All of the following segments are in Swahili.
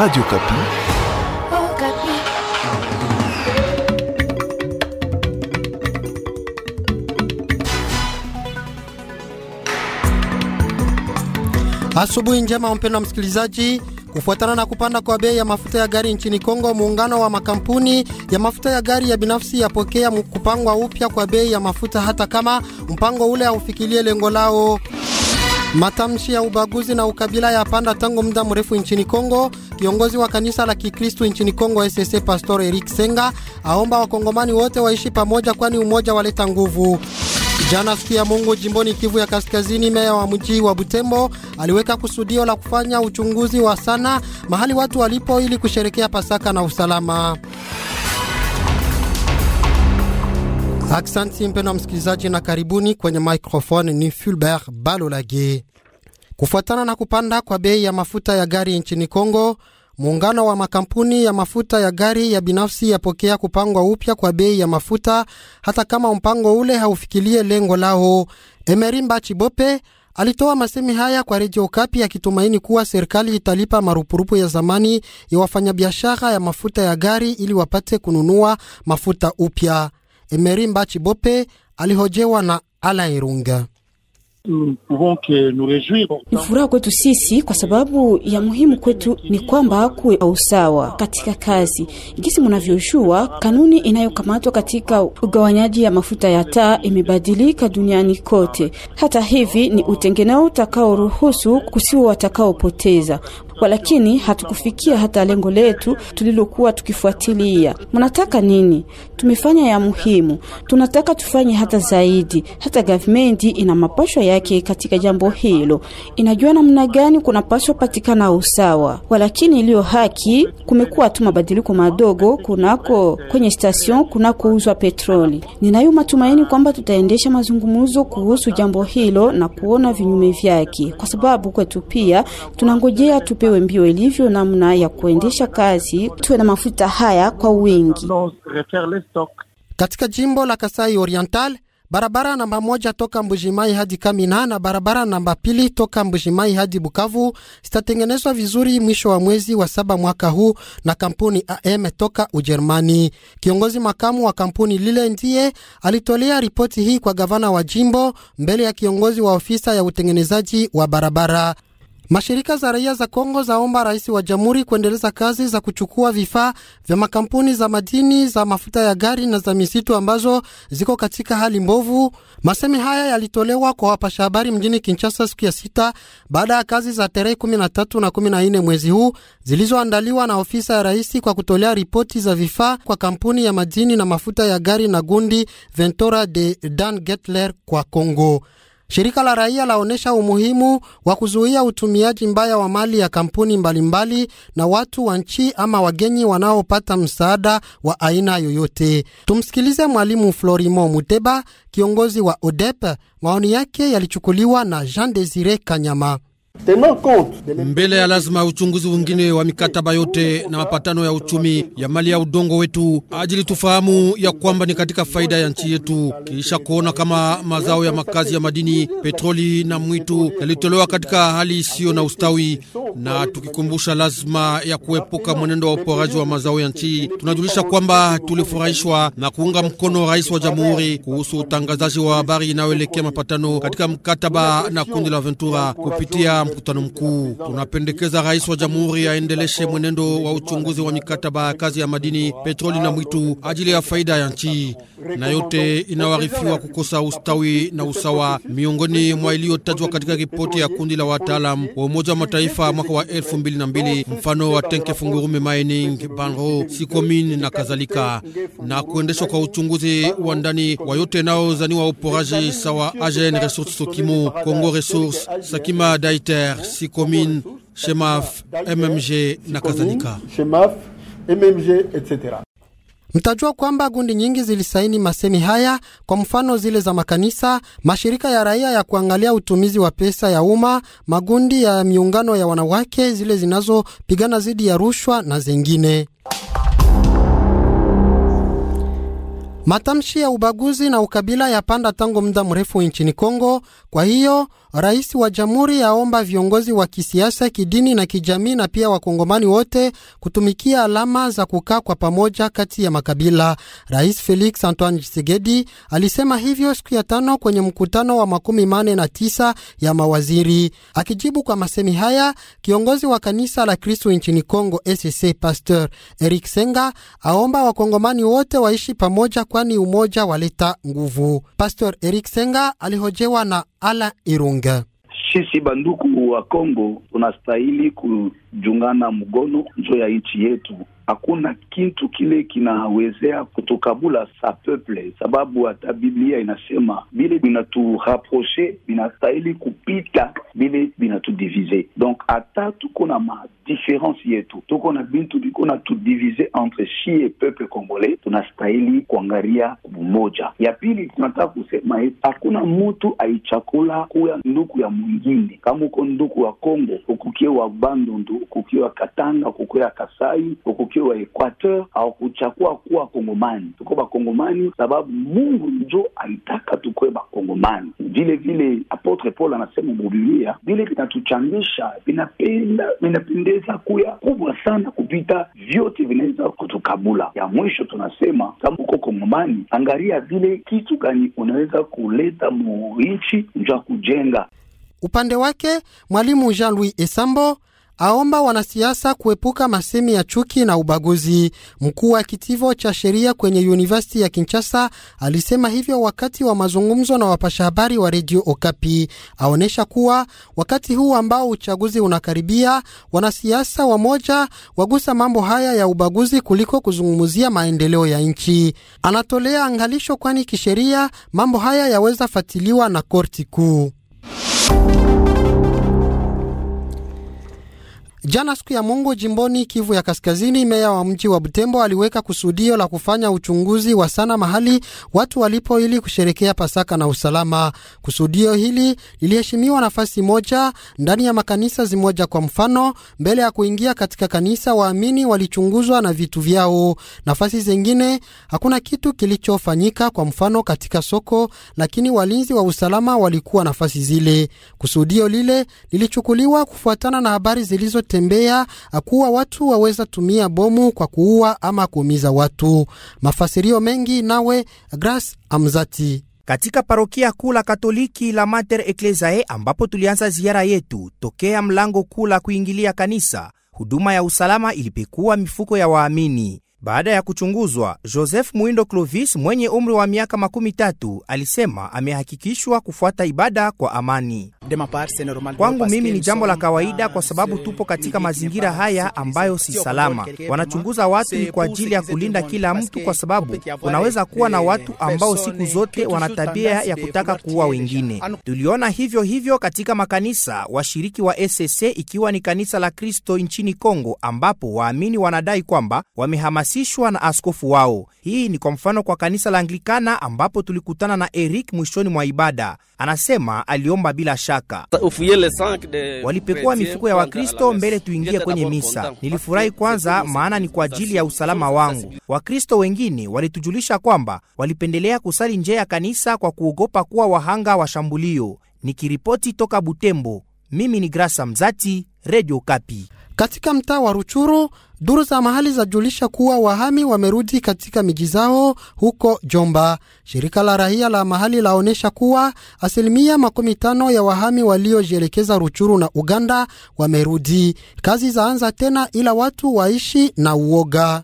Radio Kapi. Oh, Kapi. Asubuhi njema mpendwa msikilizaji. Kufuatana na kupanda kwa bei ya mafuta ya gari nchini Kongo, muungano wa makampuni ya mafuta ya gari ya binafsi yapokea kupangwa upya kwa bei ya mafuta hata kama mpango ule haufikilie lengo lao. Matamshi ya ubaguzi na ukabila ya panda tangu muda mrefu nchini Kongo. Kiongozi wa kanisa la Kikristo nchini Kongo SSE Pastor Eric Senga aomba wakongomani wote waishi pamoja, kwani umoja waleta nguvu. Jana siku ya Mungu jimboni Kivu ya Kaskazini, meya wa mji wa Butembo aliweka kusudio la kufanya uchunguzi wa sana mahali watu walipo ili kusherekea Pasaka na usalama. Aksanti mpendwa msikilizaji, na karibuni kwenye microfone. Ni Fulbert Balolage. Kufuatana na kupanda kwa bei ya mafuta ya gari nchini Kongo, muungano wa makampuni ya mafuta ya gari ya binafsi yapokea kupangwa upya kwa bei ya mafuta, hata kama mpango ule haufikilie lengo lao. Emerimba Chibope alitoa masemi haya kwa Redio Kapi akitumaini kuwa serikali italipa marupurupu ya zamani ya wafanyabiashara ya mafuta ya gari ili wapate kununua mafuta upya. Emerimba Bope alihojewa na Alain irunga ni furaha kwetu sisi kwa sababu ya muhimu kwetu ni kwamba hakuwe usawa katika kazi. Jinsi mnavyojua, kanuni inayokamatwa katika ugawanyaji ya mafuta ya taa imebadilika duniani kote. Hata hivi ni utengeneo utakaoruhusu kusiwa watakaopoteza walakini hatukufikia hata lengo letu tulilokuwa tukifuatilia. Mnataka nini? Tumefanya ya muhimu, tunataka tufanye hata zaidi. Hata gavmenti ina mapashwa yake katika jambo hilo, inajua namna gani kunapaswa patikana usawa, walakini iliyo haki. Kumekuwa tu mabadiliko madogo kunako kwenye station kunakouzwa petroli. Ninayo matumaini kwamba tutaendesha mazungumzo kuhusu jambo hilo na kuona vinyume vyake, kwa sababu kwetu pia tunangojea tupewe mbio ilivyo namna ya kuendesha kazi, tuwe na mafuta haya kwa wingi. Katika jimbo la Kasai Oriental barabara namba moja toka Mbujimai hadi Kamina na barabara namba pili toka Mbujimai hadi Bukavu zitatengenezwa vizuri mwisho wa mwezi wa saba mwaka huu na kampuni AM toka Ujerumani. Kiongozi makamu wa kampuni lile ndiye alitolea ripoti hii kwa gavana wa jimbo mbele ya kiongozi wa ofisa ya utengenezaji wa barabara. Mashirika za raia za Kongo zaomba rais wa jamhuri kuendeleza kazi za kuchukua vifaa vya makampuni za madini za mafuta ya gari na za misitu ambazo ziko katika hali mbovu. Maseme haya yalitolewa kwa wapasha habari mjini Kinshasa siku ya sita baada ya kazi za tarehe 13 na 14 mwezi huu zilizoandaliwa na ofisa ya rais kwa kutolea ripoti za vifaa kwa kampuni ya madini na mafuta ya gari na gundi Ventura de Dan Getler kwa Kongo. Shirika la raia laonyesha umuhimu wa kuzuia utumiaji mbaya wa mali ya kampuni mbalimbali mbali na watu wa nchi ama wagenyi wanaopata msaada wa aina yoyote. Tumsikilize mwalimu Florimo Muteba, kiongozi wa ODEP. Maoni yake yalichukuliwa na Jean Desire Kanyama. Mbele ya lazima uchunguzi wengine wa mikataba yote na mapatano ya uchumi ya mali ya udongo wetu, ajili tufahamu ya kwamba ni katika faida ya nchi yetu, kisha kuona kama mazao ya makazi ya madini, petroli na mwitu yalitolewa katika hali isiyo na ustawi, na tukikumbusha lazima ya kuepuka mwenendo wa uporaji wa mazao ya nchi, tunajulisha kwamba tulifurahishwa na kuunga mkono rais wa jamhuri kuhusu utangazaji wa habari inayoelekea mapatano katika mkataba na kundi la Ventura kupitia mkutano mkuu tunapendekeza rais wa jamhuri aendeleshe mwenendo wa uchunguzi wa mikataba ya kazi ya madini, petroli na mwitu ajili ya faida ya nchi, na yote inawarifiwa kukosa ustawi na usawa miongoni mwa iliyotajwa katika ripoti ya kundi la wataalam wa Umoja wa Mataifa mwaka wa elfu mbili na mbili, mfano wa Tenke Fungurume Mining, Banro, Sikomin na kadhalika, na kuendeshwa kwa uchunguzi wa ndani wa yote nao zaniwa uporaji sawa Agen Resources Sokimo, Congo Resources, Sakima Daite ministère, six CHEMAF, MMG na kadhalika. Mtajua kwamba gundi nyingi zilisaini masemi haya, kwa mfano zile za makanisa, mashirika ya raia ya kuangalia utumizi wa pesa ya umma, magundi ya miungano ya wanawake, zile zinazopigana dhidi ya rushwa na zingine. Matamshi ya ubaguzi na ukabila yapanda tangu muda mrefu nchini Kongo. Kwa hiyo Rais wa jamhuri aomba viongozi wa kisiasa, kidini na kijamii na pia wakongomani wote kutumikia alama za kukaa kwa pamoja kati ya makabila. Rais Felix Antoine Tshisekedi alisema hivyo siku ya tano kwenye mkutano wa makumi mane na tisa ya mawaziri. Akijibu kwa masemi haya, kiongozi wa kanisa la kristu nchini congo ECC Pastor Eric Senga aomba wakongomani wote waishi pamoja, kwani umoja waleta nguvu. Pastor Eric Senga alihojewa na Ala Irunga. Sisi banduku wa Kongo tunastahili kujungana mgono njo ya nchi yetu. Hakuna kitu kile kinawezea kutukabula sa peuple, sababu hata Biblia inasema vile vinatuhaproche vinastahili kupita vile vinatudivize. Donc hata tuko na a yetu tout na qu'on a na divisé entre et peuple congolais, tunastahili kuangalia umoja. Ya pili tunataka kusema eti hakuna mutu aichakula kuya nduku ya mwingine. Kama uko nduku wa Congo, ukukiwa Bandundu, ukukiwa Katanga, ukukiwa Kasai, wa Equateur, aukuchakua kuwa Kongomani. Tuko bakongomani sababu Mungu njo aitaka tukuwe bakongomani. Vile vile Apotre Paul anasema mubilia vile vinatuchambisha vinapenda vinapendeza inaweza kuya kubwa sana kupita vyote vinaweza kutukabula. Ya mwisho tunasema kama uko Kongomani, angalia vile kitu gani unaweza kuleta muinchi nja kujenga upande wake. Mwalimu Jean Louis Esambo aomba wanasiasa kuepuka masemi ya chuki na ubaguzi. Mkuu wa kitivo cha sheria kwenye universiti ya Kinshasa alisema hivyo wakati wa mazungumzo na wapasha habari wa redio Okapi. Aonyesha kuwa wakati huu ambao uchaguzi unakaribia, wanasiasa wamoja wagusa mambo haya ya ubaguzi kuliko kuzungumzia maendeleo ya nchi. Anatolea angalisho, kwani kisheria mambo haya yaweza fatiliwa na korti kuu. Jana siku ya Mungu jimboni Kivu ya Kaskazini, meya wa mji wa Butembo aliweka kusudio la kufanya uchunguzi wa sana mahali watu walipo ili kusherekea Pasaka na usalama. Kusudio hili liliheshimiwa nafasi moja ndani ya makanisa zimoja. Kwa mfano, mbele ya kuingia katika kanisa waamini walichunguzwa na vitu vyao. Nafasi zingine hakuna kitu kilichofanyika, kwa mfano katika soko, lakini walinzi wa usalama walikuwa nafasi zile. Kusudio lile lilichukuliwa kufuatana na habari zilizo kutembea kuwa watu waweza tumia bomu kwa kuua ama kuumiza watu. Mafasirio mengi nawe Grace Amzati. Katika parokia kuu la Katoliki la Mater eklesae ambapo tulianza ziara yetu tokea mlango kuu la kuingilia kanisa, huduma ya usalama ilipekua mifuko ya waamini. Baada ya kuchunguzwa, Joseph Mwindo Clovis mwenye umri wa miaka makumi tatu alisema amehakikishwa kufuata ibada kwa amani. Kwangu mimi ni jambo la kawaida, kwa sababu tupo katika mazingira haya ambayo si salama. Wanachunguza watu ni kwa ajili ya kulinda kila mtu, kwa sababu unaweza kuwa na watu ambao siku zote wana tabia ya kutaka kuua wengine. Tuliona hivyo hivyo katika makanisa washiriki wa SS ikiwa ni kanisa la Kristo nchini Kongo, ambapo waamini wanadai kwamba wamehamasishwa na askofu wao. Hii ni kwa mfano kwa kanisa la Anglikana ambapo tulikutana na Eric mwishoni mwa ibada, anasema aliomba bila shaka haraka. Walipekua mifuko ya Wakristo mbele tuingie kwenye misa. Nilifurahi kwanza, maana ni kwa ajili ya usalama wangu. Wakristo wengine walitujulisha kwamba walipendelea kusali nje ya kanisa kwa kuogopa kuwa wahanga wa shambulio. Nikiripoti toka Butembo, mimi ni Grasa Mzati, Redio Kapi. Katika mtaa wa Ruchuru, duru za mahali zajulisha kuwa wahami wamerudi katika miji zao huko Jomba. Shirika la rahia la mahali laonyesha kuwa asilimia makumi tano ya wahami waliojielekeza Ruchuru na Uganda wamerudi. Kazi zaanza tena, ila watu waishi na uoga.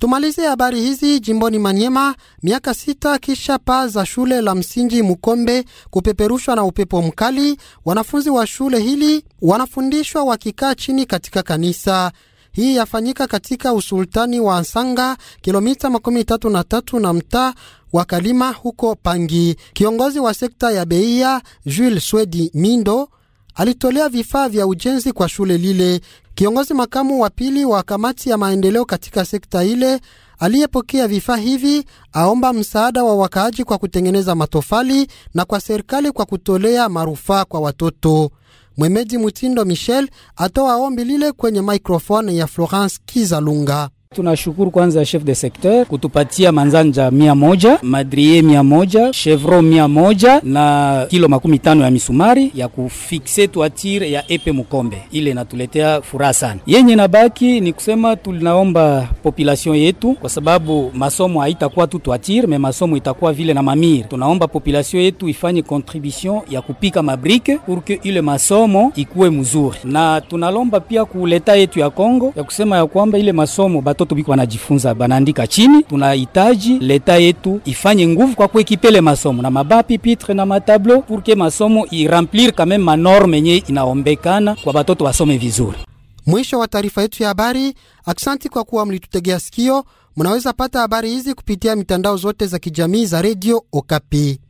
Tumalize habari hizi jimboni Manyema. Miaka sita kisha paa za shule la msingi Mukombe kupeperushwa na upepo mkali, wanafunzi wa shule hili wanafundishwa wakikaa chini katika kanisa. Hii yafanyika katika usultani wa sanga kilomita makumi tatu na tatu na mtaa wa Kalima huko Pangi. Kiongozi wa sekta ya Beia Jules Swedi Mindo alitolea vifaa vya ujenzi kwa shule lile. Kiongozi makamu wa pili wa kamati ya maendeleo katika sekta ile aliyepokea vifaa hivi aomba msaada wa wakaaji kwa kutengeneza matofali na kwa serikali kwa kutolea marufaa kwa watoto. Mwemeji Mutindo Michel atoa ombi lile kwenye microfone ya Florence Kizalunga. Tunashukuru kwanza chef de secteur kutupatia manzanja mia moja madrie mia moja chevron mia moja na kilo makumi tano ya misumari ya kufikse tuatire ya epe Mukombe, ile inatuletea furaha sana. Yenye nabaki ni kusema tulinaomba population yetu, kwa sababu masomo haitakuwa tu tuatire me masomo itakuwa vile na mamire. Tunaomba population yetu ifanye contribution ya kupika mabrike purke ile masomo ikuwe mzuri, na tunalomba pia kuleta yetu ya Kongo ya kusema ya kwamba ile masomo batu batoto biko wanajifunza banaandika chini. Tunahitaji leta yetu ifanye nguvu kwa kuekipele masomo na mabapi pitre na matablo purke masomo iremplir kameme manorme yenye inaombekana kwa batoto basome vizuri. Mwisho wa taarifa yetu ya habari. Aksanti kwa kuwa mlitutegea sikio. Mnaweza pata habari hizi kupitia mitandao zote za kijamii za redio Okapi.